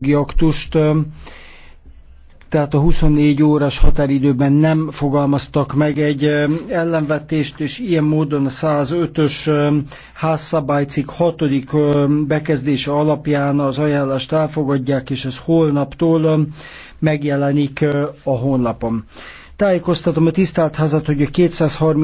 aktust, tehát a 24 órás határidőben nem fogalmaztak meg egy ellenvetést, és ilyen módon a 105-ös házszabálycik 6. bekezdése alapján az ajánlást elfogadják, és ez holnaptól megjelenik a honlapon. Tájékoztatom a tisztelt házat, hogy a 230